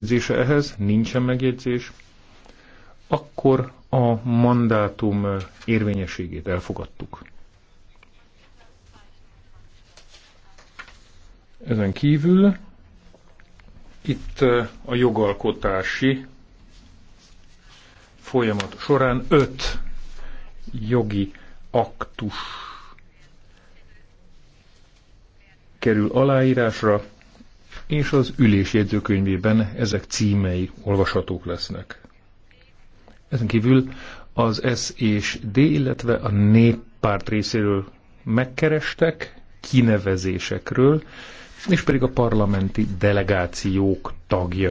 megjegyzése ehhez, nincsen megjegyzés, akkor a mandátum érvényességét elfogadtuk. Ezen kívül itt eh, a jogalkotási folyamat során öt jogi aktus kerül aláírásra, és az ülés jegyzőkönyvében ezek címei olvashatók lesznek. Ezen kívül az S és D, illetve a néppárt részéről megkerestek kinevezésekről, és pedig a parlamenti delegációk tagja.